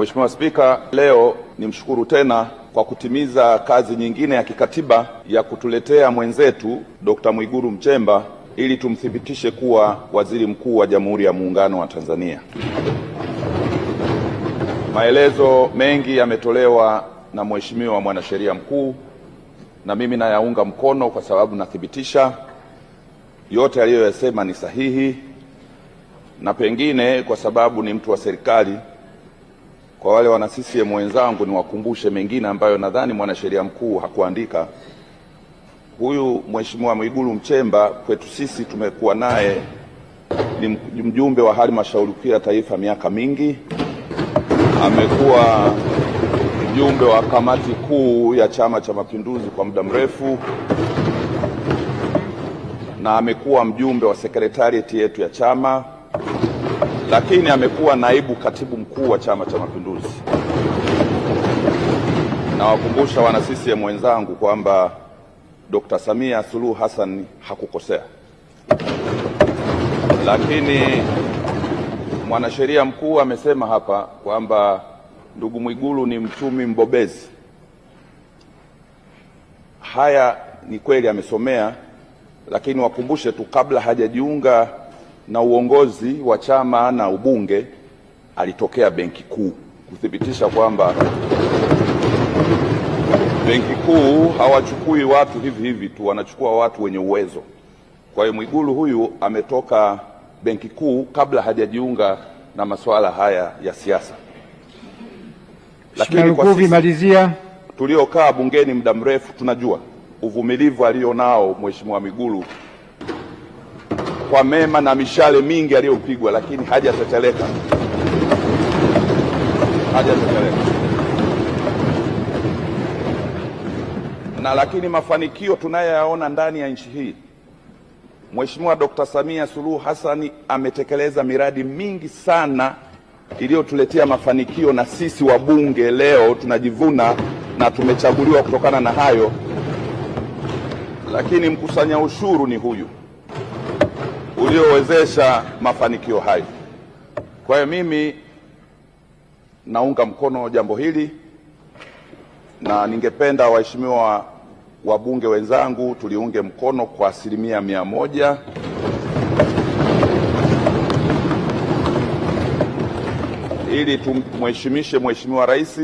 Mheshimiwa Spika, leo nimshukuru tena kwa kutimiza kazi nyingine ya kikatiba ya kutuletea mwenzetu Dr. Mwiguru Mchemba ili tumthibitishe kuwa waziri mkuu wa Jamhuri ya Muungano wa Tanzania. Maelezo mengi yametolewa na Mheshimiwa mwanasheria mkuu na mimi nayaunga mkono kwa sababu nathibitisha yote aliyoyasema ni sahihi, na pengine kwa sababu ni mtu wa serikali kwa wale wana CCM wenzangu, niwakumbushe mengine ambayo nadhani mwanasheria mkuu hakuandika. Huyu Mheshimiwa Mwigulu Mchemba kwetu sisi tumekuwa naye, ni mjumbe wa halmashauri kuu ya taifa miaka mingi, amekuwa mjumbe wa kamati kuu ya Chama cha Mapinduzi kwa muda mrefu na amekuwa mjumbe wa sekretarieti yetu ya chama lakini amekuwa naibu katibu mkuu wa Chama cha Mapinduzi. Nawakumbusha wana CCM wenzangu kwamba Dr. Samia Suluhu Hassan hakukosea, lakini mwanasheria mkuu amesema hapa kwamba ndugu Mwigulu ni mchumi mbobezi. Haya ni kweli, amesomea, lakini wakumbushe tu kabla hajajiunga na uongozi wa chama na ubunge alitokea Benki Kuu kuthibitisha kwamba Benki Kuu hawachukui watu hivi hivi tu, wanachukua watu wenye uwezo. Kwa hiyo Mwigulu huyu ametoka Benki Kuu kabla hajajiunga na masuala haya ya siasa. Lakini kwa sisi tuliokaa bungeni muda mrefu tunajua uvumilivu alionao Mheshimiwa Mwigulu kwa mema na mishale mingi aliyopigwa, lakini hajateteleka, hajateteleka. Na lakini mafanikio tunayoyaona ndani ya nchi hii, Mheshimiwa Dkt. Samia Suluhu Hassan ametekeleza miradi mingi sana iliyotuletea mafanikio, na sisi wabunge leo tunajivuna na tumechaguliwa kutokana na hayo. Lakini mkusanya ushuru ni huyu uliowezesha mafanikio hayo. Kwa hiyo mimi naunga mkono jambo hili na ningependa waheshimiwa wabunge wenzangu tuliunge mkono kwa asilimia mia moja. ili tumheshimishe Mheshimiwa Rais,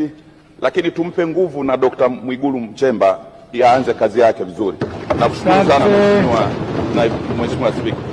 lakini tumpe nguvu na Dr. Mwigulu mchemba aanze kazi yake vizuri. Nakushukuru sana Mheshimiwa Spika.